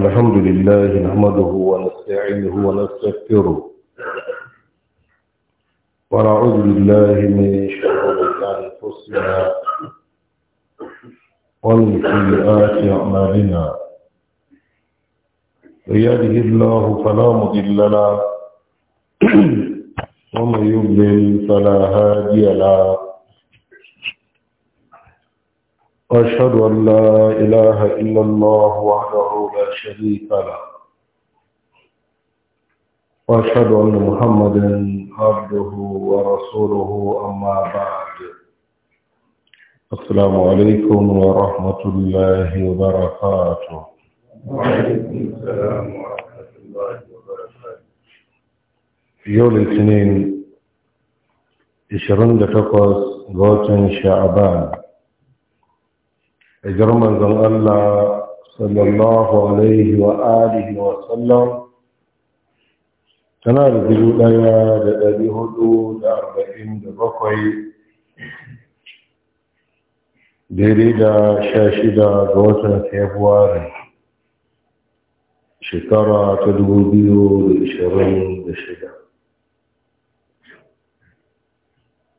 الحمد لله نحمده ونستعينه ونستغفره ونعوذ بالله من شرور انفسنا ومن سيئات اعمالنا من يهده الله فلا مضل له ومن يضلل فلا هادي له وأشهد أن لا إله إلا الله وحده لا شريك له وأشهد أن محمدا عبده ورسوله أما بعد السلام عليكم ورحمة الله وبركاته وعليكم السلام ورحمة الله وبركاته يوم الاثنين 28 غوتن شعبان hijar manzon Allah sallallahu alaihi wa alihi wa sallam tana da dubu ɗaya da ɗari hudu da arba'in da bakwai daidai da sha shida ga watan februari shekara ta dubu biyu da ishirin da shida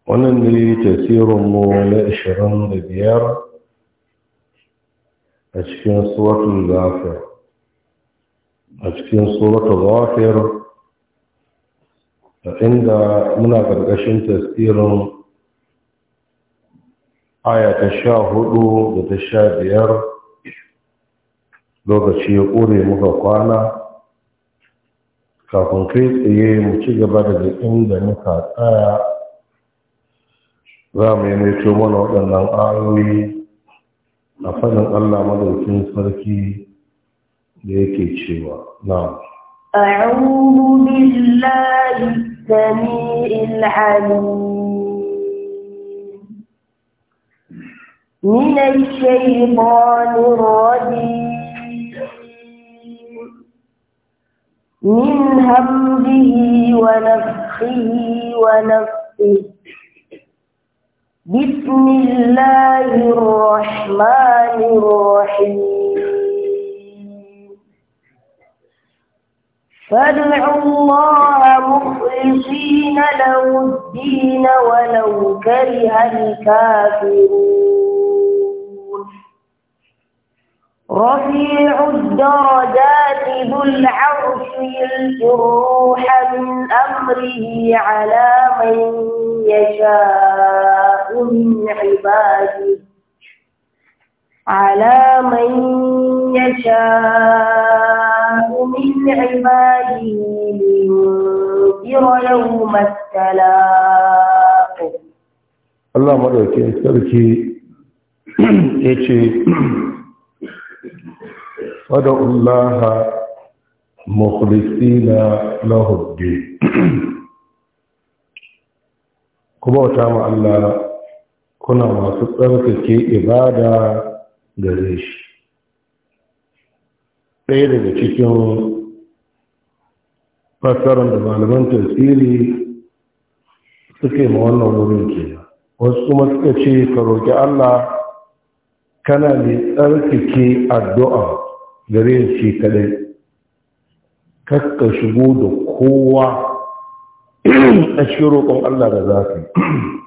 wannan ne tasirinmu na ishirin da biyar a cikin suratul ghafir a cikin suratul ghafir inda muna ƙarƙashin tasirin aya ta sha hudu da ta sha biyar lokaci ya kure muka kwana kafin kai tsaye mu ci gaba daga inda muka tsaya za mu yi mai mana waɗannan ayoyi a fannin Allah madaukin farki da yake cewa nawa. a'udhu billahi samiil alim min ash-shaytanir rajim min hamdihi wa nafsihi wa nafsihi بسم الله الرحمن الرحيم فادعوا الله مخلصين له الدين ولو كره الكافرون رفيع الدرجات ذو العرش يلقي الروح من أمره على من يشاء من عبادي على من يشاء من عبادي لينذر يوم التلاق الله مدوكين سركي يجي ودعوا الله مخلصين له الدين كما تعلم الله kuna masu tsarkake ibada gare shi ɗaya daga cikin fassarar da malaman tasiri suke ma wannan wurin ke wasu kuma suka ce ka roƙi Allah kana ne tsarkake addu'a gare shi kadai kakka shigo da kowa a cikin roƙon Allah da za ka yi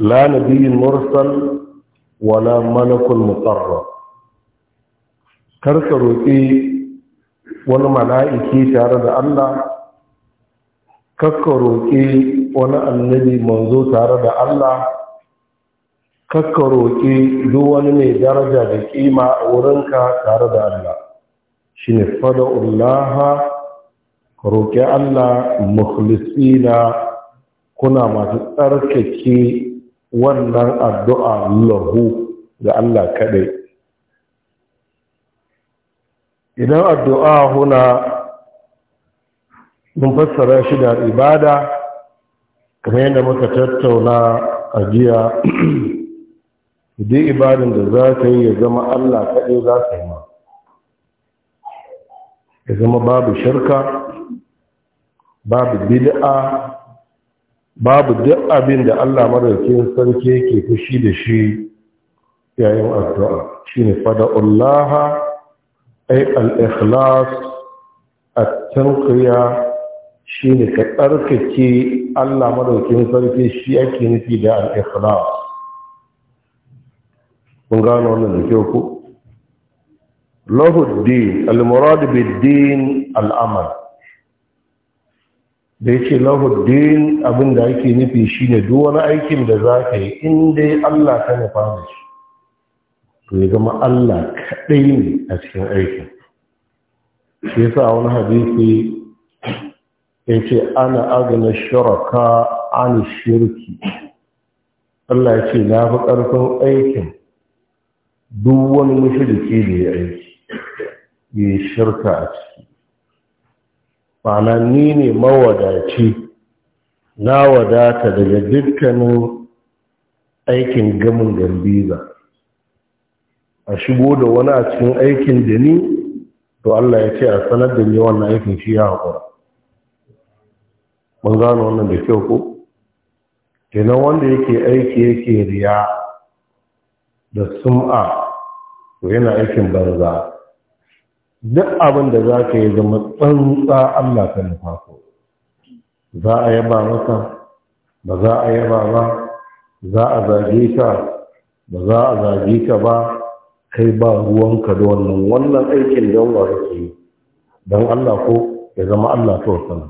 لا نبي مرسل ولا ملك مقرب karka roƙi wani mala'iki tare da Allah kakka roƙi wani annabi manzo tare da Allah kakka roƙi duk wani mai daraja da ƙima a wurinka tare da Allah shi ne fada'ullaha roƙi Allah mukhlisina kuna masu tsarkake wannan addu'a lahu da Allah kaɗai idan addu'a huna mun fassara shi da ibada kamar yadda muka tattauna a jiya duk ibadan da za ta yi ya zama Allah kaɗai za ta yi ma ya zama babu shirka babu bid'a babu duk abin da Allah madaukakin sarki yake fushi da shi yayin addu'a shine Allah ay al-ikhlas at-tanqiya shine ka tsarkake Allah madaukakin sarki shi yake nufi da al-ikhlas kun gano wannan da kyau ku lahu din al-murad bid-din al-amal da yake lahuddin abin da ake nufi shine duk wani aikin da za ka yi inda dai Allah ka nufa da shi to ya zama Allah kaɗai ne a cikin aikin shi yasa wani hadisi ya ce ana agana shuraka an shirki Allah ya ce na fi ƙarfin aikin duk wani mushriki da ya aiki ya shirka a ciki ma'ana ni ne mawadaci na wadata daga dukkanin aikin gamin gambiza a shigo da wani a cikin aikin da ni to Allah ya ce a sanar da ni wannan aikin shi ya haƙura mun gano wannan da kyau ko kenan wanda yake aiki yake riya da sum'a ko yana aikin banza duk abin da za ka yi zama tsantsa Allah ta nufa ko za a yaba masa ba za a yaba ba za a zage ka ba za a zage ka ba kai ba ruwanka da wannan wannan aikin don wa yake yi don Allah ko ya zama Allah ta wasana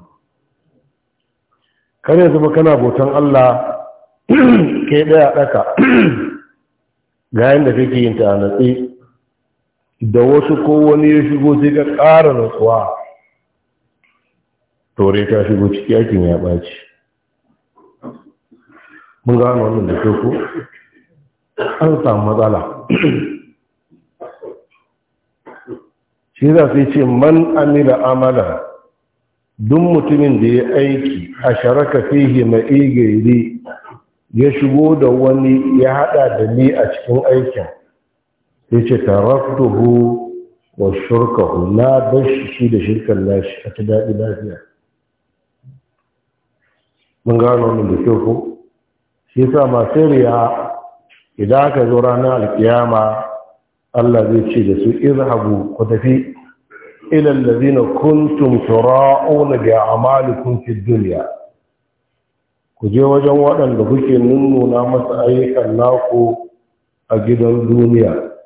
kare zama kana botan Allah ke ɗaya daka ga yanda kake yin ta a natsi da wasu ko wani ya shigo sai ka ƙara nutsuwa taure ta shigo ciki yakin ya ɓaci mun gano wannan da ke ko an samu matsala shi za su ce man amila amala duk mutumin da ya aiki a sharaka fihi mai ya shigo da wani ya hada da ni a cikin aikin sai ce taraftuhu wa shurkahu na bar shi da shirkan nashi a ta daɗi lafiya mun gano wannan da kyau ko shi yasa masu riya idan aka zo ranar alkiyama Allah zai ce da su izhabu ku tafi ila allazina kuntum tura'una bi a'malikum fid dunya ku je wajen waɗanda kuke nunnuna masa ayyukan naku a gidan duniya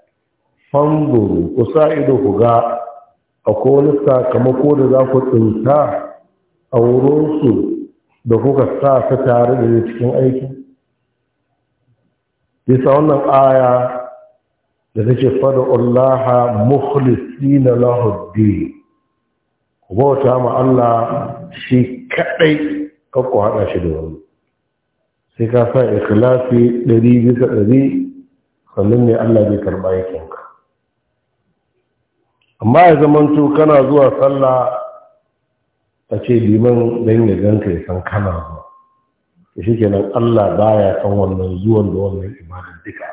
fanzuru kusa ido ku ga akwai wani sakamako da za ku tsinta a wurinsu da kuka sa ta tare da cikin aiki bisa wannan aya da take fada Allah mukhlisin lahu din ku bauta ma Allah shi kadai ka ku hada shi da wani sai ka sa ikhlasi 100 bisa 100 sannan ne Allah zai karba aikinka? amma ya zamanto kana zuwa sallah a ce liman don ya ganka ya san kana zuwa da shi kenan Allah baya san wannan zuwan da wannan imanin duka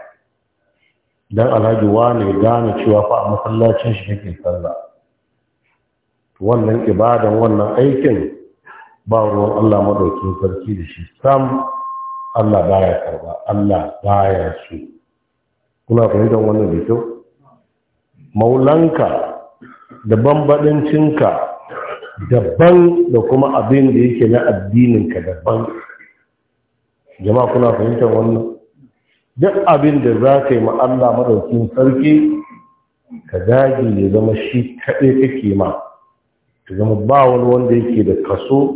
don alhaji wane gane cewa fa a masallacin shi kake sallah wannan ibadan wannan aikin ba ruwan Allah maɗaukin sarki da shi sam Allah baya karba Allah baya su kuna fahimtar wannan da kyau maulanka da bambadancinka daban da kuma abin da yake na addininka daban jama'a kuna fahimtar wannan duk abin da za ka yi ma'alla madaukin sarki ka dage ya zama shi kaɗai kake ma ka zama ba wani wanda yake da kaso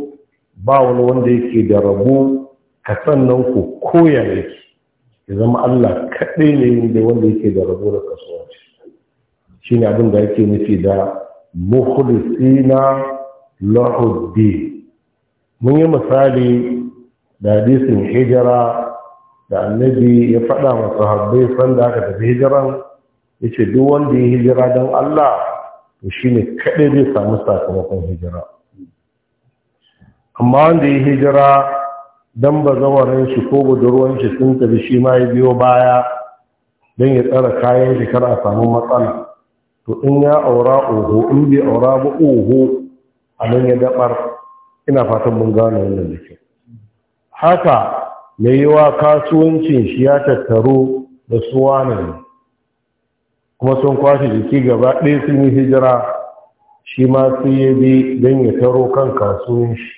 ba wani wanda yake da rabo ka sannan ku koya yake ya zama Allah kaɗai ne da wanda yake da rabo da kaso Shin abin da yake nufi da mukhlisina lahudi mun yi misali da hadisin hijira da annabi ya faɗa wa sahabbai sanda aka tafi hijiran ya ce duk wanda ya hijira don Allah to shi ne kaɗai zai samu sakamakon hijira amma wanda ya hijira don bazawarin shi ko budurwan shi sun tafi shi ma ya biyo baya don ya tsara kayan shi kar a samu matsala to in ya aura oho in bai aura ba oho a nan ya dabar ina fatan mun gane wannan da kyau haka mai yawa kasuwancin shi ya tattaro da suwa ne kuma sun kwashe jiki gaba ɗaya sun yi hijira shi ma su ya bi don ya taro kan kasuwan shi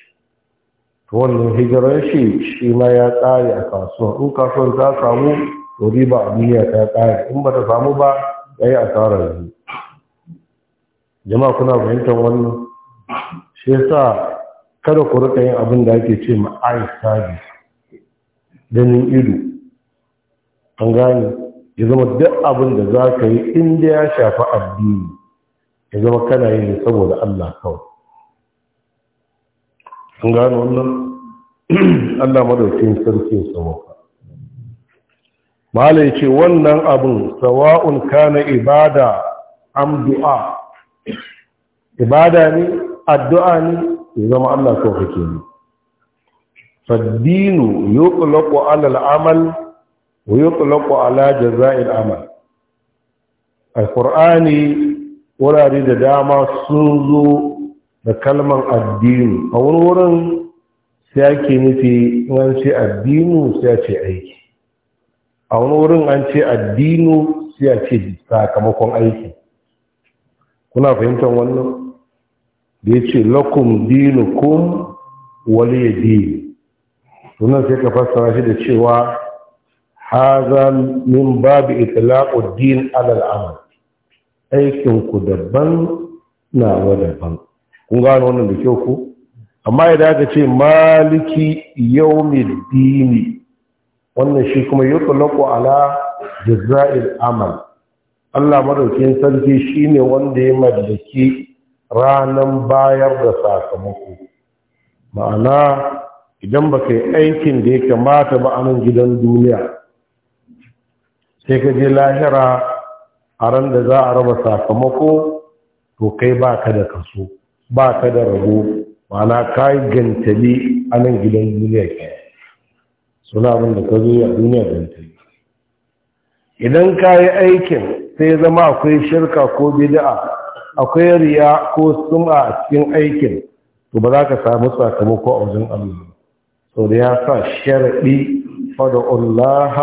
to wannan hijirar shi shi ma ya tsare a kasuwa in kasuwan ta samu to riba a duniya ta tsare in ba ta samu ba ya yi asarar yanzu jama'a kuna fahimtar wannan shi yasa kada ku rika yin abin da ake ce ma eye service ganin ido an gane ya zama duk abin da za ka yi inda ya shafi addini ya zama kana yi saboda Allah kawai an gane wannan Allah madaukin sarki sauka mala ya ce wannan abin sawa'un kana ibada am du'a ibada ne addu'a ne ya zama Allah kake ne faddinu yuqlaqu ala al-amal wa yuqlaqu ala jaza'il amal alqur'ani wurare da dama sun zo da kalman addini a wani wurin sai ake nufi an ce addinu sai ce aiki a wani wurin an ce addinu sai ce sakamakon aiki kuna fahimtar wannan da ya ce lakum dinukum wali dini sunan sai ka fassara shi da cewa haza min babu itlaqud din alal amal aikin ku daban nawa daban kun gano wannan da kyau ku amma ya aka ce maliki mai dini wannan shi kuma yutlaqu ala jaza'il amal Allah madaukin sarki shine wanda ya mallaki ranan bayar da sakamako ma'ana idan baka yi aikin da ya kamata ba anan gidan duniya sai ka je lahira a ran da za a raba sakamako to kai baka da kaso baka da rabo ma'ana kai gantali anan gidan duniya ke suna abin da ka zo a duniya gantali idan ka yi aikin sai zama akwai shirka ko bid'a akwai riya ko sum'a a cikin aikin to ba za ka samu sakamako a wajen Allah to da ya sa sharadi Allah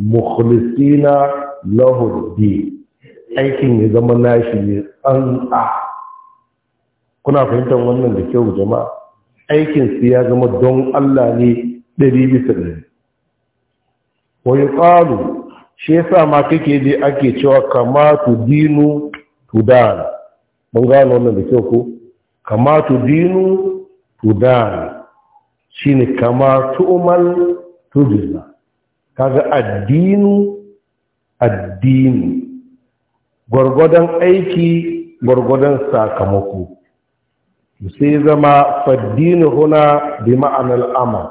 mukhlisina lahu din aikin ya zama nashi ne tsantsa kuna fahimtar wannan da kyau jama'a aikin su ya zama don Allah ne ɗari bisa dari wa yuqalu shi yasa ma kake je ake cewa kama tu dinu tudan mun gano wannan da kyau ko kama tu dinu tudan shine kama tu'mal tujza kaga addinu addini gwargwadon aiki gwargwadon sakamako sai zama faddini huna bi ma'anar amal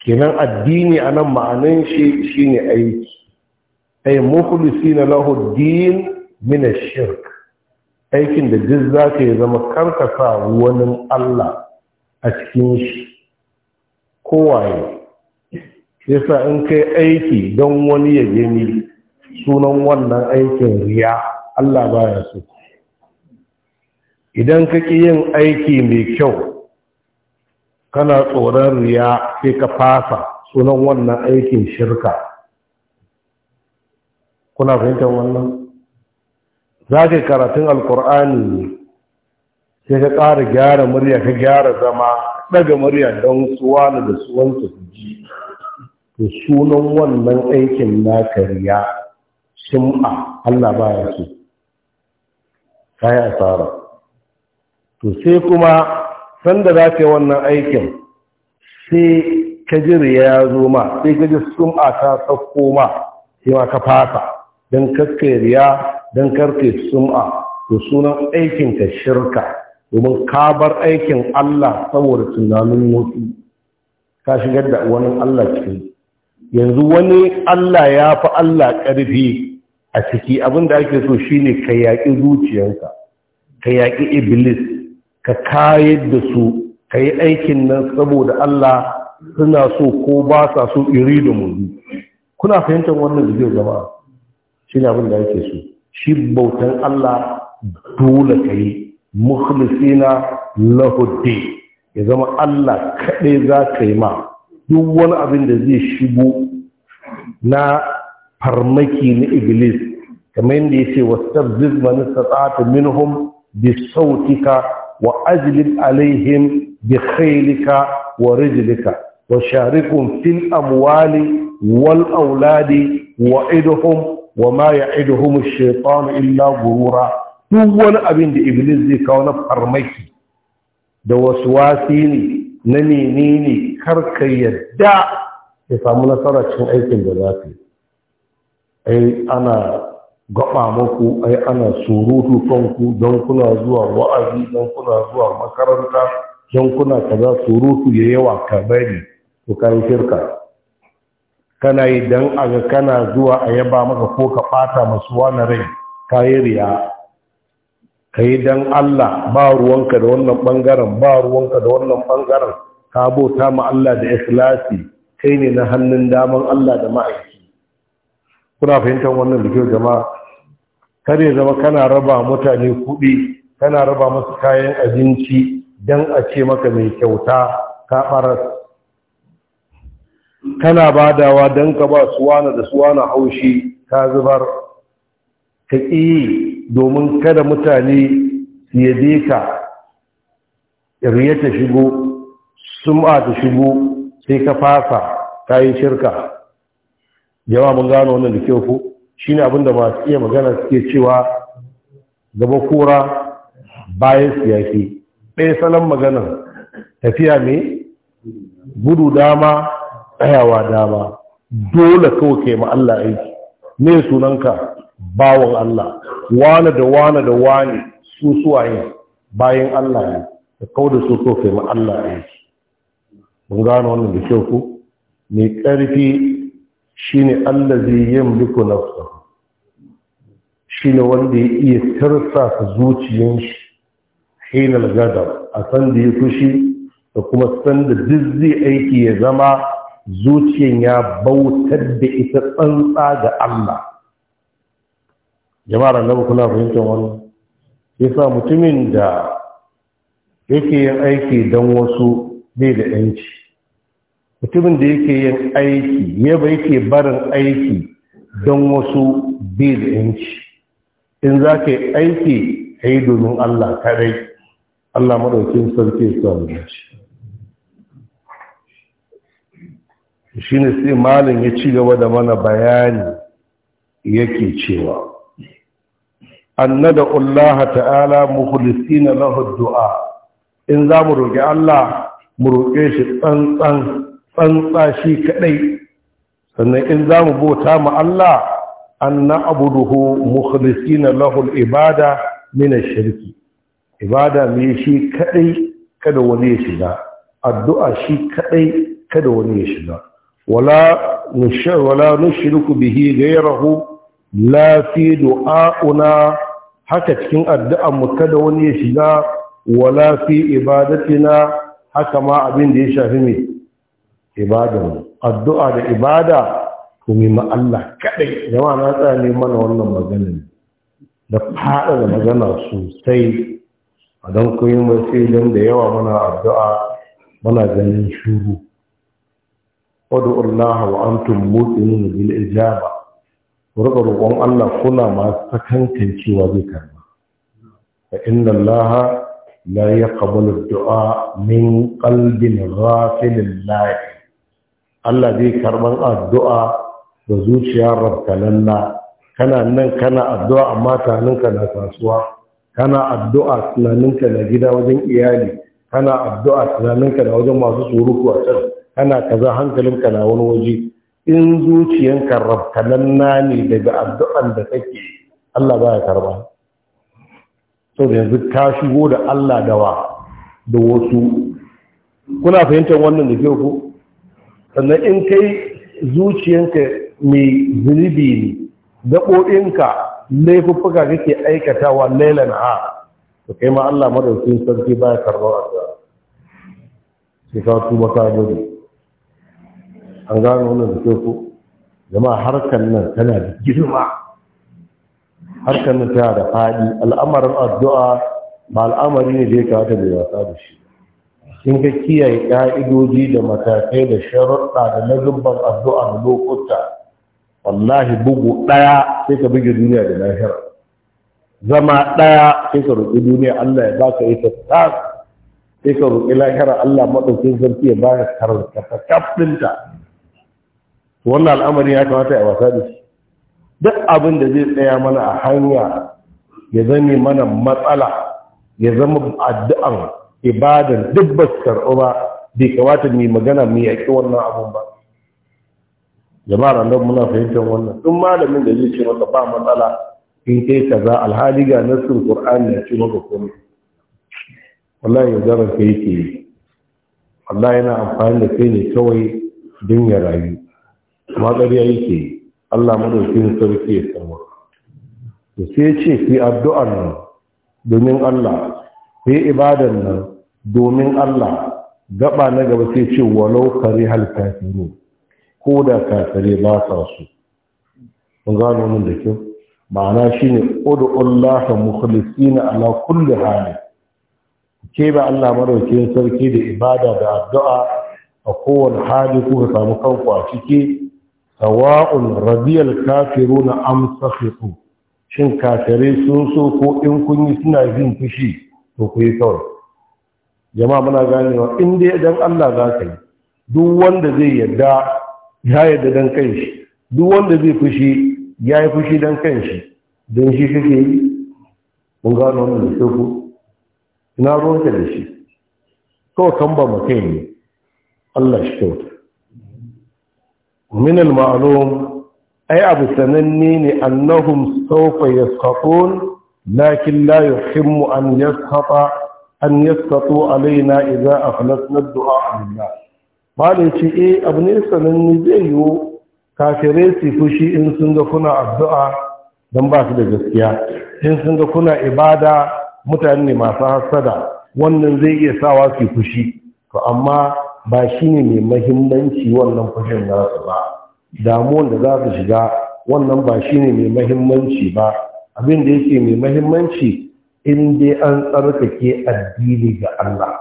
kenan addini a nan ma'anin shi shine aiki ay mukhlisina lahu din min ash-shirk aikin da duk zaka yi zama karkasa wani Allah a cikin shi kowaye yasa in kai aiki don wani ya gani sunan wannan aikin riya Allah baya so idan kake yin aiki mai kyau kana tsoron riya sai ka fasa sunan wannan aikin shirka kuna fahimtar wannan za ka karatun alkur'ani sai ka ƙara gyara murya ka gyara zama ɗaga murya don suwana da suwansa su ji to sunan wannan aikin na kariya sum'a allah baya so ka yi asara to sai kuma sanda za ka yi wannan aikin sai ka ji ya zo ma sai ka ji sum'a ta sauko ma sai ma ka fasa don kaskariya riya don karfe sum'a to sunan aikinka shirka domin ka bar aikin Allah saboda tunanin motsi. ka shigar da wani Allah cikin yanzu wani Allah ya fi Allah ƙarfi a ciki abinda ake so shine ka yaƙi zuciyarka ka yaƙi iblis ka kayar da su ka yi aikin nan saboda Allah suna so ko ba sa so iri da mu kuna fahimtar wannan da zai jama'a shi ne abin da yake so shi bautan Allah dole ka yi mukhlisina lahuddi ya zama Allah kaɗai za ka yi ma duk wani abin da zai shigo na farmaki na iblis kamar yadda ya ce tsata, min istata'ta minhum bi sautika wa ajlib alaihim bi khailika wa rijlika wa sharikum fil amwali wal auladi wa idhum wa ma ya'iduhum humus shaitanu illa gurura, duk wani abin da iblis zai kawo na farmaki da wasu wasi ne na menene karka yadda ya samu nasarar cin aikin da za ai ana gaba muku ai ana surutu kanku don kuna zuwa wa'azi don kuna zuwa makaranta don kuna kaza surutu ya yawa ka bari to kai shirka kana yi don aga kana zuwa a yaba maka ko ka ɓata masu wani rai ka yi riya ka yi don Allah ba ruwanka da wannan ɓangaren ba ruwanka da wannan ɓangaren ka bauta ma Allah da ikhlasi kai ne na hannun daman Allah da ma'aiki kuna fahimtar wannan da kyau jama'a kare zama kana raba mutane kuɗi kana raba masu kayan abinci don a ce maka mai kyauta ka ɓaras kana badawa don ka ba suwana da suwana haushi ta zubar ka ƙi domin kada mutane su yi ka riya ta shigo sum'a ta shigo sai ka fasa ka yi shirka jama'a mun gano wannan da kyau ko shine abin da masu iya magana suke cewa gaba kura bayan siyaki ɗaya salon maganar tafiya mai gudu dama tsayawa dama dole kawo ke ma'alla aiki ne sunanka bawon Allah wane da wane da wane su suwaye bayan Allah ne da kawai da su so ke ma'alla aiki mun gano wannan da kyau ku mai ƙarfi shi ne Allah zai yin shine na su Shi ne wanda ya iya tarsa su zuciyar shi hinal gadab a san da ya fushi da kuma san da duk zai aiki ya zama zuciyan ya bautar da ita tsantsa ga Allah jama'ar annabi kuna fahimtar wani, yasa mutumin da yake yin aiki don wasu bai da yanci mutumin da yake yin aiki ya bai ke barin aiki don wasu bai da yanci in za ka yi aiki ka yi domin Allah kaɗai. Allah maɗaukin sarki ya samu shi ne sai malin ya ci gaba da mana bayani yake cewa annada Allah ta'ala mukhlisina lahu du'a in za mu roƙi Allah mu roƙe shi tsantsan tsantsa shi kadai sannan in za mu bauta ma Allah an na'buduhu mukhlisina lahu al-ibada min ash-shirki ibada me shi kadai kada wani ya shiga addu'a shi kadai kada wani ya shiga wala nushir wala nushriku bihi ghayrahu la du'auna haka cikin addu'an mu kada wani ya shiga wala fi ibadatina haka ma abin da ya shafi mai mu. addu'a da ibada ku ma Allah kaɗai. jama'a na tsaya mana wannan maganin da fada da magana sosai a don kuyi mai sai don da yawa mana addu'a mana ganin shuru wadda Allah wa an tummu ijaba rika roƙon Allah kuna masu sakankancewa zai karba fa inna Allah du'a min qalbin ghafilin Allah zai karban addu'a da zuciya rabkalalla kana nan kana addu'a a tunaninka na kasuwa kana addu'a tunaninka na gida wajen iyali kana addu'a tunaninka na wajen masu suruku a can kana kaza hankalinka na wani waje in zuciyanka rabkananna ne daga addu'an da kake Allah baya karba so da yanzu ka shigo da Allah dawa da wasu kuna fahimtar wannan da ke ku? sannan in kai zuciyanka mai zunubi ne gaɓoɓinka laifuffuka kake aikatawa lailan ha to kai ma Allah madaukin sarki baya karɓar ta sai ka tuba ka gudu an gano wannan da ke ku jama'a harkar nan tana da girma harkar nan tana da faɗi al'amarin addu'a ba al'amari ne da ya kawata da wasa da shi in ka kiyaye ƙa'idoji da matakai da sharuɗa da nazubban addu'a da lokuta wallahi bugu ɗaya sai ka buge duniya da lahira zama ɗaya sai ka roƙi duniya Allah ya baka ita tas sai ka roƙi lahira Allah maɗaukin sarki ya baka karanta kaf kafinta. wannan al'amarin ya kamata ya wasa da shi duk abin da zai tsaya mana a hanya ya zame mana matsala ya zama addu'an ibadan duk ba su karɓo ba bai kamata mai magana mai yaƙi wannan abin ba jama'a nan muna fahimtar wannan duk malamin da zai ce maka ba matsala in kai za alhali ga nassin qur'ani ya ce maka komai wallahi yaudarar ka yake yi wallahi yana amfani da kai ne kawai don ya rayu ya yi ke, Allah madaukin sarki ya samu Da sai ce fi addu'ar nan domin Allah fi ibadan nan domin Allah gaba na gaba sai ce walau kare hal ne, ko da kafire ba sa su mun gano min da kyau ma'ana shine mukhalisi na ala kulli hali ke ba Allah madaukin sarki da ibada da addu'a a kowane hali kuka samu kanku a ciki sawa'un radiyal kafiruna am sakhitu shin kafire sun so ko in kun yi suna jin fushi to ku yi kawai jama'a muna ganewa in dai dan Allah za ka yi duk wanda zai yadda ya yadda dan kanshi duk wanda zai fushi ya yi fushi dan kanshi don shi kake yi mun gano wannan da ku ina ruwanka da shi kawai kan ba mu kai ne Allah shi kyauta min al-ma'lum abu sananne ne annahum sawfa yasqatun lakin la yuhimmu an yasqata an yasqatu alaina idza aflasna ad-du'a ce e abu ne sananne zai yiwu kafirai su fushi in sun addu'a don ba da gaskiya in sun kuna ibada mutane ne masu hasada wannan zai iya sawa su fushi to amma ba shi ne mai mahimmanci wannan fushin nasu ba damuwan da za su shiga wannan ba shi ne mai mahimmanci ba abin da yake mai mahimmanci in dai an tsarkake addini ga Allah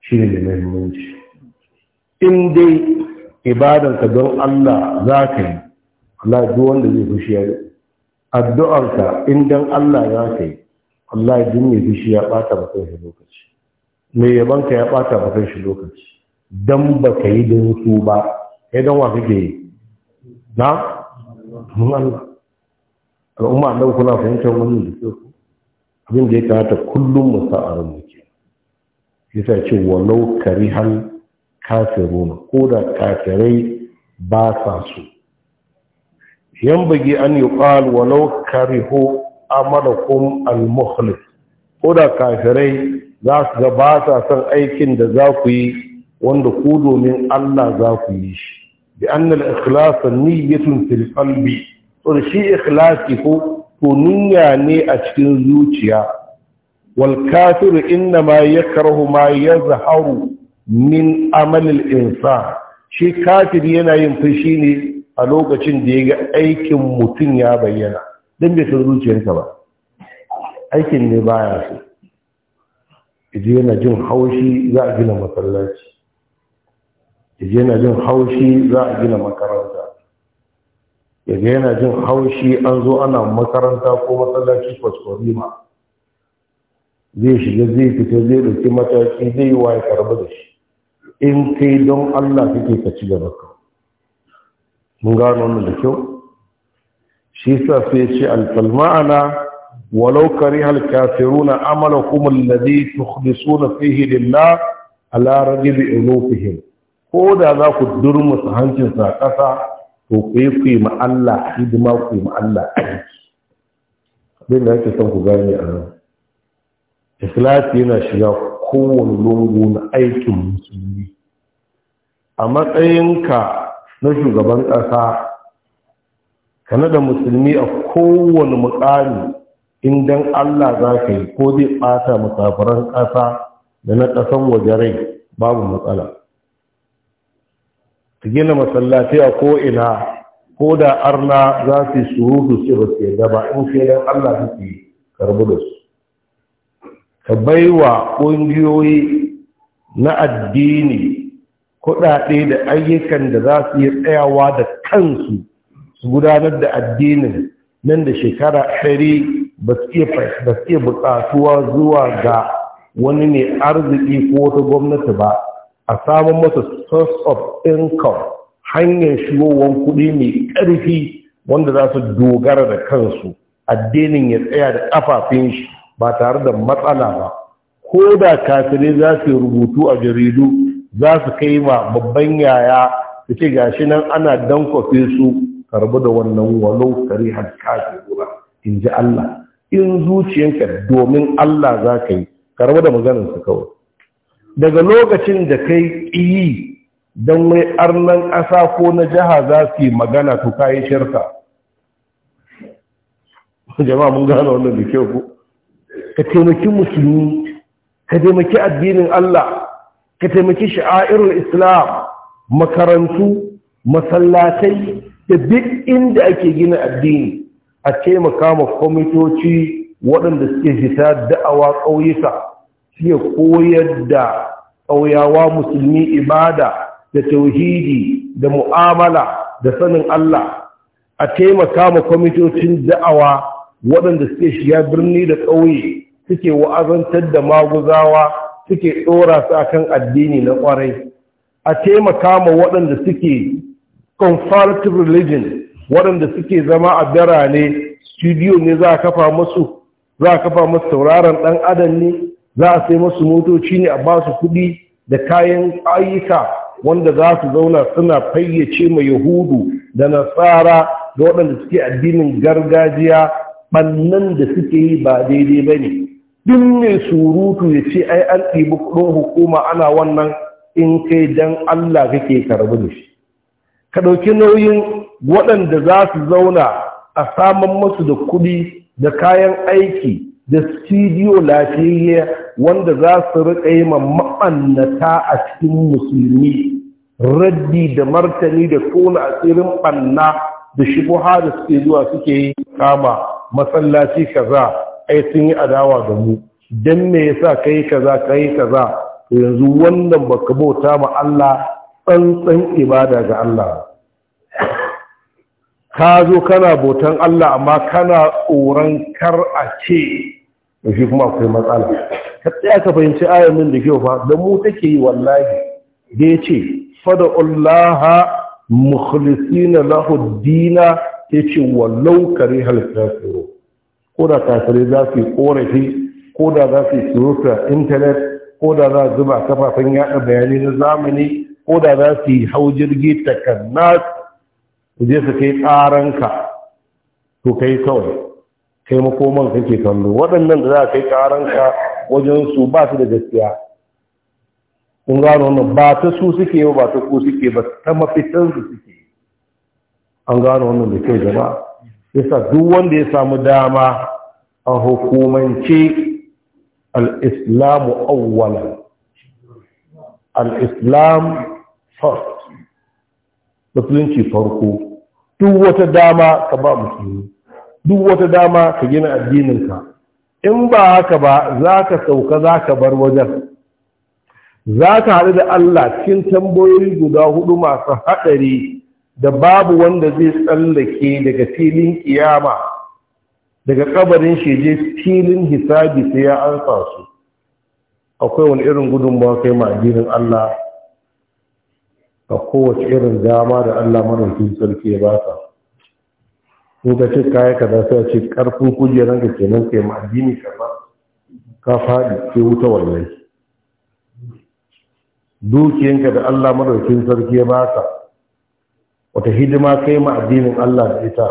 shi ne mai mahimmanci in dai ibadanka don Allah za ka yi Allah duk wanda zai fushi ya addu'arka in dan Allah za ka yi Allah duk mai fushi ya ɓata ba kai lokaci mai yabanka ya ɓata ba kai shi lokaci Dan ba ka yi da su ba ya don wa kake yi na? mun Allah al'umma a ɗauku na fahimtar wannan da ke abin da ya kamata kullum mu sa a ranmu ke yasa ce walau karihal kafiruna ko da kafirai ba sa su yan bugi an yi ƙwal walau kariho amalakum al-mukhlis ko da kafirai za su ga ba sa son aikin da za ku yi wanda ku domin Allah za ku yi shi bi annal ikhlas niyyatun fil qalbi to shi ikhlasi ko to niyya ne a cikin zuciya wal kafiru inna ma yakrahu ma yazharu min amal al insan shi kafiri yana yin fushi ne a lokacin da ya ga aikin mutum ya bayyana don bai san zuciyarka ba aikin ne baya so yaje yana jin haushi za a gina masallaci yana jin haushi za a gina makaranta yana jin haushi an zo ana makaranta ko masallaci ma. zai shiga zai fita zai ɗauki mataki zai yi wa ya da shi in kai don allah kake ka ci gaba ka mun gano wannan da kyau shi sa sai ce alfalma'ana ولو كره الكافرون عملكم الذي تخلصون فيه لله على رجل أنوفهم ko da za ku durmusa hancinsa a ƙasa to ku yi ku yi ma'alla hidima ku yi ma'alla abin da ake son ku gane a nan ikhlasi yana shiga kowane lungu na aikin musulmi a matsayinka na shugaban ƙasa kana da musulmi a kowane mukami in dan Allah za ka yi ko zai ɓata musafiran ƙasa da na ƙasan waje rai babu matsala ka gina masallaci a ko'ina ko da arna za su yi surutu su ba su yadda ba in sai dan Allah su ke karbu da su ka baiwa ƙungiyoyi na addini kuɗaɗe da ayyukan da za su yi tsayawa da kansu su gudanar da addinin nan da shekara ɗari ba su iya zuwa ga wani ne arziki ko wata gwamnati ba a samun masa source of income hanyar shigowar kuɗi mai ƙarfi wanda za su dogara da kansu addinin ya tsaya da ƙafafin shi ba tare da matsala ba ko da kafirai za su yi rubutu a jaridu za su kai ma babban yaya su ce gashi nan ana dankwafe su karbu da wannan walau kare hankali in ji Allah in zuciyanka domin Allah za ka yi karba da maganinsa kawai daga lokacin da kai yi don mai arnan ƙasa ko na jiha za su yi magana to kayi shirka jama'a mun gano wannan da kyau ku. ka taimaki musulmi ka taimaki addinin Allah ka taimaki sha'irar islam makarantu masallatai da duk inda ake gina addini a taimaka ma kwamitoci waɗanda suke fita da'awa ƙauyuka suke koyar da ƙauyawa musulmi ibada da tauhidi da mu'amala da sanin Allah a taimaka ma kwamitocin da'awa waɗanda suke shiga birni da ƙauye suke wa'azantar da maguzawa suke ɗora su kan addini na ƙwarai a taimaka ma waɗanda suke consultative religion waɗanda suke zama a birane studio ne za a kafa masu za a kafa masu tauraron ɗan adam ne za a sai masu motoci ne a ba su kuɗi da kayan ayyuka wanda za su zauna suna fayyace mai yahudu da nasara da waɗanda suke addinin gargajiya ɓannan da suke yi ba daidai ba ne duk mai surutu ya ce ai an ɗibi kuɗin hukuma ana wannan in kai dan Allah kake karbi da shi ka ɗauki nauyin waɗanda za su zauna a saman masu da kuɗi da kayan aiki da studio lafiyayya wanda za su riƙa yi ma'annata a cikin musulmi raddi da martani da tona a tsirin ɓanna da shubuha da suke zuwa suke yi kama masallaci kaza ai sun yi adawa da mu don me yasa kai kaza kai kaza yanzu wannan baka bauta ma Allah tsantsan ibada ga Allah ka zo kana botan Allah amma kana tsoron kar a ce da shi kuma akwai matsala ka tsaya ka fahimci min da kyau fa da mu take yi wallahi da ya ce fada allaha mukhlisi na dina ya ce wallau kare halittar tsoro ko da kasare za su yi korafi ko da za su yi ta intanet ko da za su zuba kafafen yaɗa bayanai na zamani ko da za su yi hau jirgi takanna su je su kai ƙaranka to kai kawai kai makoman kake kallo waɗannan da za a kai ƙaranka wajen su ba su da gaskiya kun gano wannan ba ta su suke ba ba ta ku suke ba ta mafitan su suke an gano wannan da kai jama'a yasa duk wanda ya samu dama a hukumance al-islamu awwalan Al'islam islam first musulunci farko duk wata dama ka ba musulmi duk wata dama ka gina addininka in ba haka ba za ka sauka za ka bar wajen za ka haɗu da Allah cikin tambayoyi guda hudu masu haɗari da babu wanda zai tsallake daga filin kiyama daga ƙabarin shi je filin hisabi sai ya ansa su akwai wani irin gudunmawa kai ma addinin Allah a kowace irin dama da Allah madaukin sarki ya baka in ka ce ka zafi a ce karfin kujeran ka nan kai ma addini ba ka faɗi sai wuta wallai dukiyanka da Allah madaukin sarki ya baka wata hidima kai ma addinin Allah da ita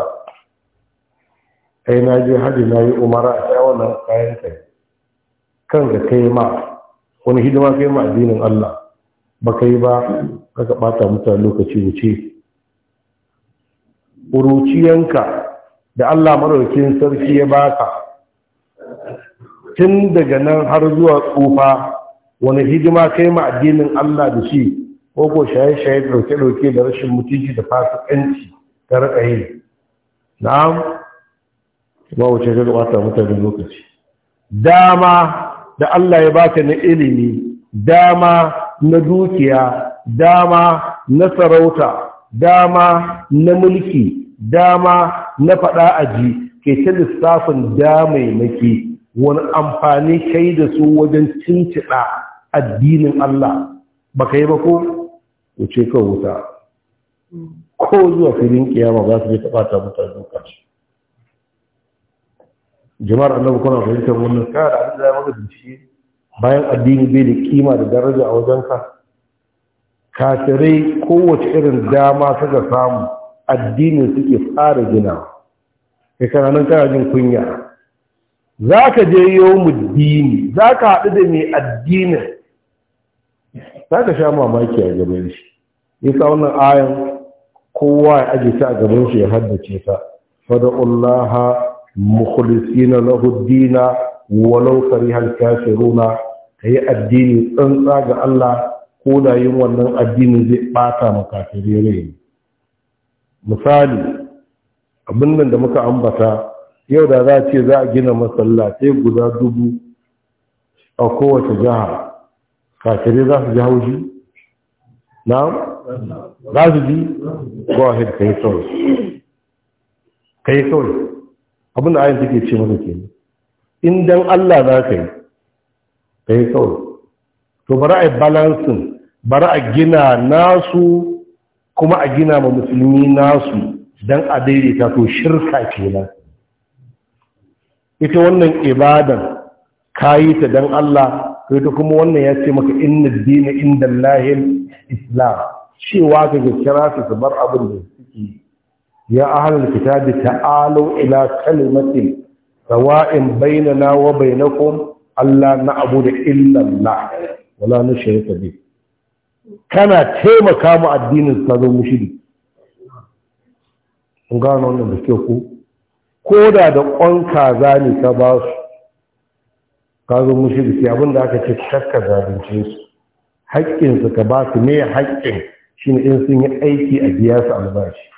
ai na je haji na yi umara a wannan kayan kai kan ka kai ma wani hidima kai ma addinin Allah ba kai ba ba kaka bata mutane lokaci wuce uruciyanka da Allah maraukin sarki ya baka tun daga nan har zuwa tsufa wani hidima kai ma addinin Allah da shi ko ko shaye-shaye dauke-dauke da rashin mutunci da fasikanci ta raka yi na'am ba wuce ga bata mutane lokaci dama da Allah ya baka na ilimi dama na dukiya dama na sarauta dama na mulki dama na faɗa aji ke ta lissafin damaimaki wani amfani kai da su wajen cinciɗa addinin Allah ba ka yi ba ko wuce ka wuta ko zuwa filin kiyama za su yi taɓata mutane kashi jama'ar annabi kuna fahimtar wannan kana da abin da ya maka bincike bayan addini bai da kima da daraja a wajen ka kafirai kowace irin dama suka samu addinin suke fara gina kai kana nan kana jin kunya za ka je mu dini za ka haɗu da mai addinin za ka sha mamaki a gaban shi yasa wannan ayan kowa ya ajiye ta a gaban shi ya haddace ta fada'ullaha mukhlisina lahu dina walau karihal kafiruna kai addini tsantsa ga Allah ko da yin wannan addini zai bata ma kafirai rai misali abin da muka ambata yau da za a ce za a gina masallatai guda dubu a kowace jiha kafirai za su ji haushi na za su ji go ahead kai kai abin da ayin take ce maka ke in dan Allah za ka yi ka yi kawai to bari a yi balansin bari a gina nasu kuma a gina ma musulmi nasu don a daidaita to shirka kenan ita wannan ibadan ka yi ta don Allah ka ta kuma wannan ya ce maka inna dina inda lahil islam cewa ka kira su su bar abin da suke yi. ya أهل الكتاب تعالوا إلى كلمة سواء بيننا وبينكم ألا Allah إلا الله ولا wala به bih kana taimaka mu addinin ka zo wannan da ke ku ko da da kaza ne ka ba su ka zo abin da aka ce kakka zalunce su haƙƙinsu ka ba su me haƙƙin shine in sun yi aiki a biya su albashi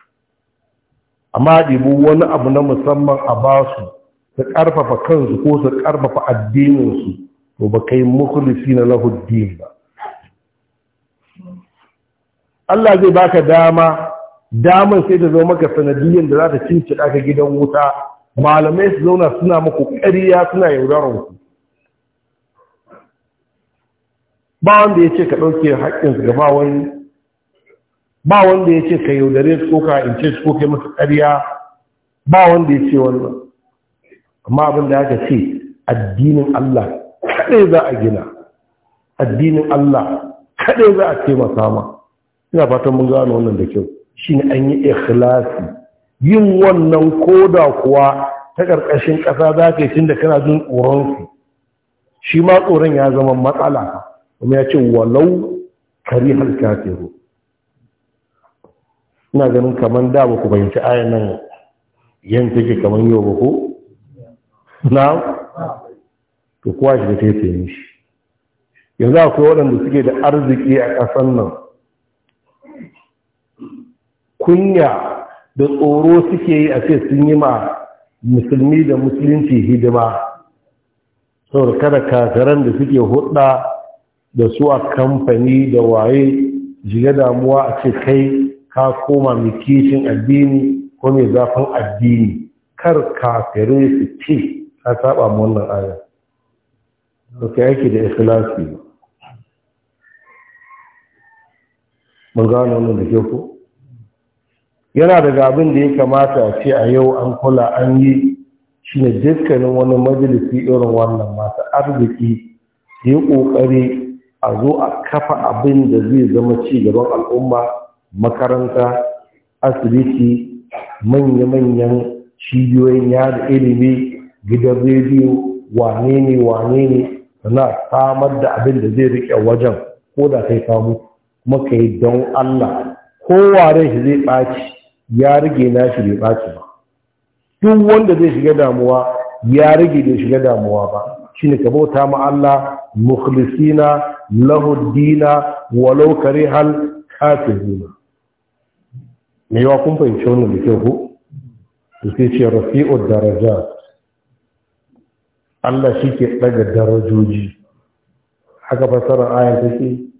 amma ɗibu wani abu na musamman a ba su su ƙarfafa kansu ko su ƙarfafa addininsu to ba kai mukulisi na lahuddin ba Allah zai baka dama daman sai ta zo maka sanadiyyar da za ta cinci ka gidan wuta malamai su zauna suna muku ƙariya suna yaudararku ba wanda ya ce ka ɗauke haƙƙinsu gaba wani ba wanda ya ce ka yaudare su ko ka in su ko kai masa ƙarya ba wanda ya ce wannan amma abin da aka ce addinin Allah kaɗai za a gina addinin Allah kaɗai za a taimaka ma ina fatan mun gano wannan da kyau ne an yi ikhlasi yin wannan koda kuwa ta ƙarƙashin ƙasa za ka yi tun da kana jin tsoronsu shi ma tsoron ya zama matsala kuma ya ce walau kari halka ina ganin kamar da ba ku bayanci ayan nan yin take kamar yau ba ku na to kowa shi da taifayin shi yanzu akwai waɗanda suke da arziki a ƙasar nan kunya da tsoro suke yi a ce sun yi ma musulmi da musulunci hidima da kada kakaran da suke hudda da su a kamfani da waye jiga damuwa a ce kai ka koma mai kishin addini ko mai zafin addini kar ka fere su ce ka saba mu wannan aya ka yake da ikhlasi mun gano wannan da ke yana daga abin da ya kamata a ce a yau an kula an yi shi ne dukkanin wani majalisi irin wannan masu arziki yi ƙoƙari a zo a kafa abin da zai zama ci gaban al'umma makaranta asibiti manya-manyan cibiyoyin yada ilimi gidan rediyo wane ne wane ne na samar da abin da zai rike wajen ko da kai samu maka yi don Allah Ko ware shi zai ɓaci ya rage na shi bai ɓaci ba duk wanda zai shiga damuwa ya rage bai shiga damuwa ba shine ka bauta ma Allah mukhlisina lahu dina walau karihal kafiruna me yawa kun fahimci wannan da kyau ko to sai ce rafi'ud daraja Allah shi ke daga darajoji haka fassara ayan take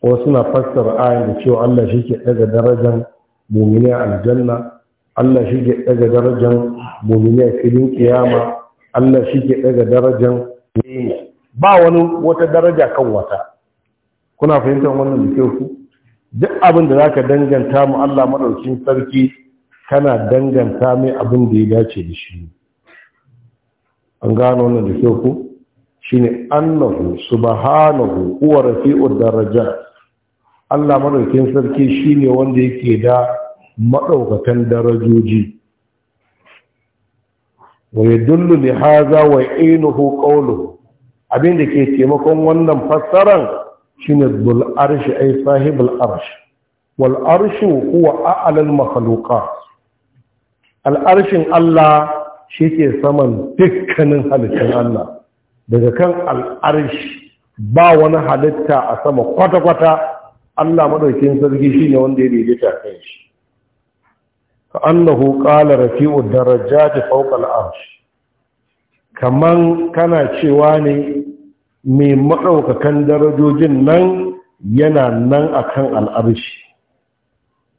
ko suna fassara ayan da cewa Allah shi ke daga darajan mu'mini aljanna Allah shi ke daga darajan mu'mini a filin kiyama Allah shi ke daga darajan ba wani wata daraja kan wata kuna fahimtar wannan da kyau ku duk abin da za ka danganta mu Allah maɗaukin sarki kana danganta mai abin da ya dace da shi an gano wannan da kyau ko shine annahu subhanahu huwa rafi'ud daraja Allah maɗaukin sarki shi ne wanda yake da maɗaukatan darajoji Wai dullu li haza wa ainihu qawluhu abin da ke taimakon wannan fassaran shine dhul arshi ay sahibul arsh wal arshu huwa a'la al makhluqat al arshin Allah shike saman dukkanin halittun Allah daga kan al ba wani halitta a sama kwata kwata Allah madaukin sarki shine wanda ya daidaita kai shi ka annahu qala rafi'u darajati fawqa al arsh kaman kana cewa ne mai maɗaukakan darajojin nan yana nan akan al'arshi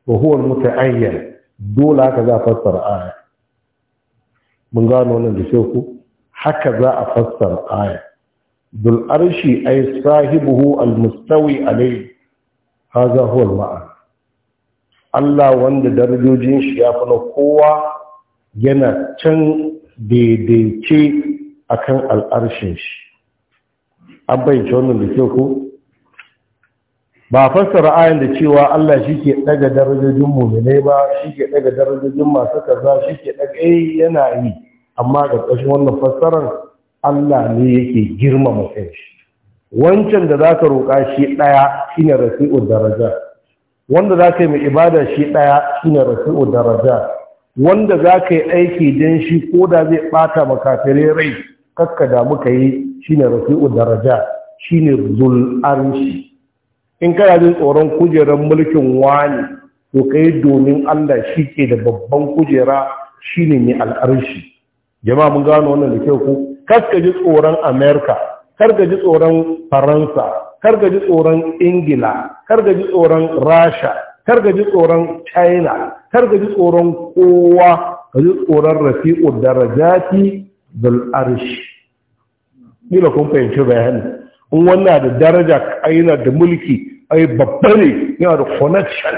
huwar mutu ayyar dole haka za a fassara aya mun gano wannan da sai ku haka za a fassara aya dul arshi ay sahibuhu al mustawi alayhi hadha huwa al ma'a Allah wanda darajojin shi ya fana kowa yana can daidaice akan al'arshin shi an bayyance wannan da kyau ko ba fassara ayan da cewa Allah shi ke ɗaga darajojin muminai ba shi ke ɗaga darajojin masu kaza shi ke ɗaga eh yana yi amma ga ƙarshen wannan fassarar Allah ne yake girmama kai wancan da za ka roƙa shi ɗaya shine rafi'u daraja wanda za ka yi mai ibada shi ɗaya shine rafi'u daraja wanda za ka yi aiki don shi ko da zai ɓata makafirai rai kakka da muka yi shine rafi'u daraja shine zul arshi in kana jin tsoron kujerar mulkin wani to kai domin Allah shi ke da babban kujera shine mai al'arshi jama'a mun gano wannan da kyau ko karka ji tsoron America karka ji tsoron Faransa karka ji tsoron Ingila karka ji tsoron Rasha karka ji tsoron China karka ji tsoron kowa ka ji tsoron rafi'u darajati zul arshi nila kun fahimci bayanin in wannan da daraja aina da mulki ai babba ne yana da connection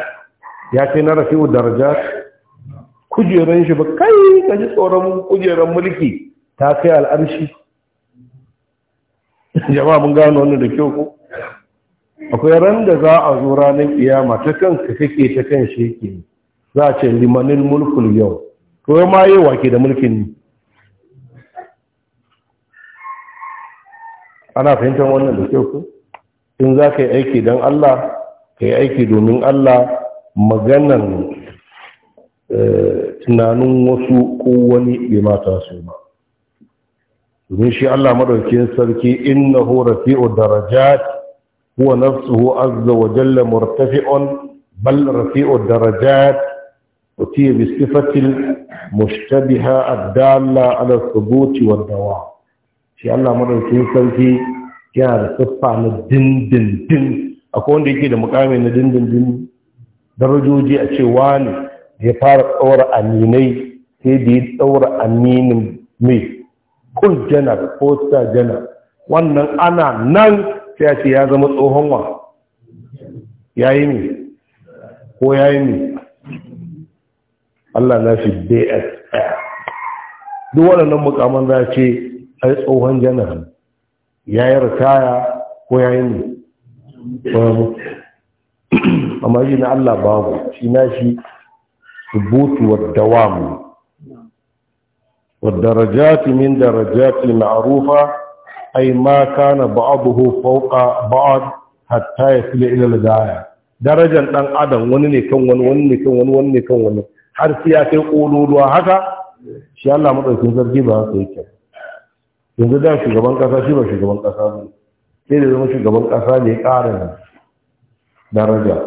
ya kai na rafi'u daraja kujeran shi ba kai ka ji tsoron kujeran mulki ta kai al'arshi jama'a mun gano wannan da kyau ko akwai ran da za a zo ranar kiyama ta kanka kake ta kan shi za a ce limanin mulkul yau to ma yi wake da mulkin ne ana fahimtar wannan da kyau in za ka yi aiki don Allah ka yi aiki domin Allah maganan eh, tunanin wasu kowani bai mata su ba domin shi Allah madaukakin sarki innahu rafi'u darajat huwa nafsuhu azza wa jalla murtafi'un bal rafi'u darajat utiya bi sifatil mushtabiha ad ala thubuti wad-dawam shi Allah madaukin sarki yana da siffa na dindindin akwai wanda yake da mukami na dindindin darajoji a ce wani ya fara tsawar aminai sai da ya tsawar aminin mai kul jana ko posta jana. wannan ana nan sai a ce ya zama tsohon wa ya yi ne ko ya yi ne Allah na fi bs duk waɗannan mukaman za ce ai tsohon janar ya yi rikaya ko ya yi ne amma shi na Allah babu shi na shi subutu wadda wa daraja wadda rajati min daraja rajati ma'arufa ai ma kana ba'aduhu fauka ba'ad hatta ya fi ila lagaya darajar dan adam wani ne kan wani wani ne kan wani wani ne kan wani har siya kai kololuwa haka shi Allah mutsaukin sarki ba haka yi kyau yanzu da shugaban kasa shi ba shugaban kasa ba sai da zama shugaban kasa ne ƙara daraja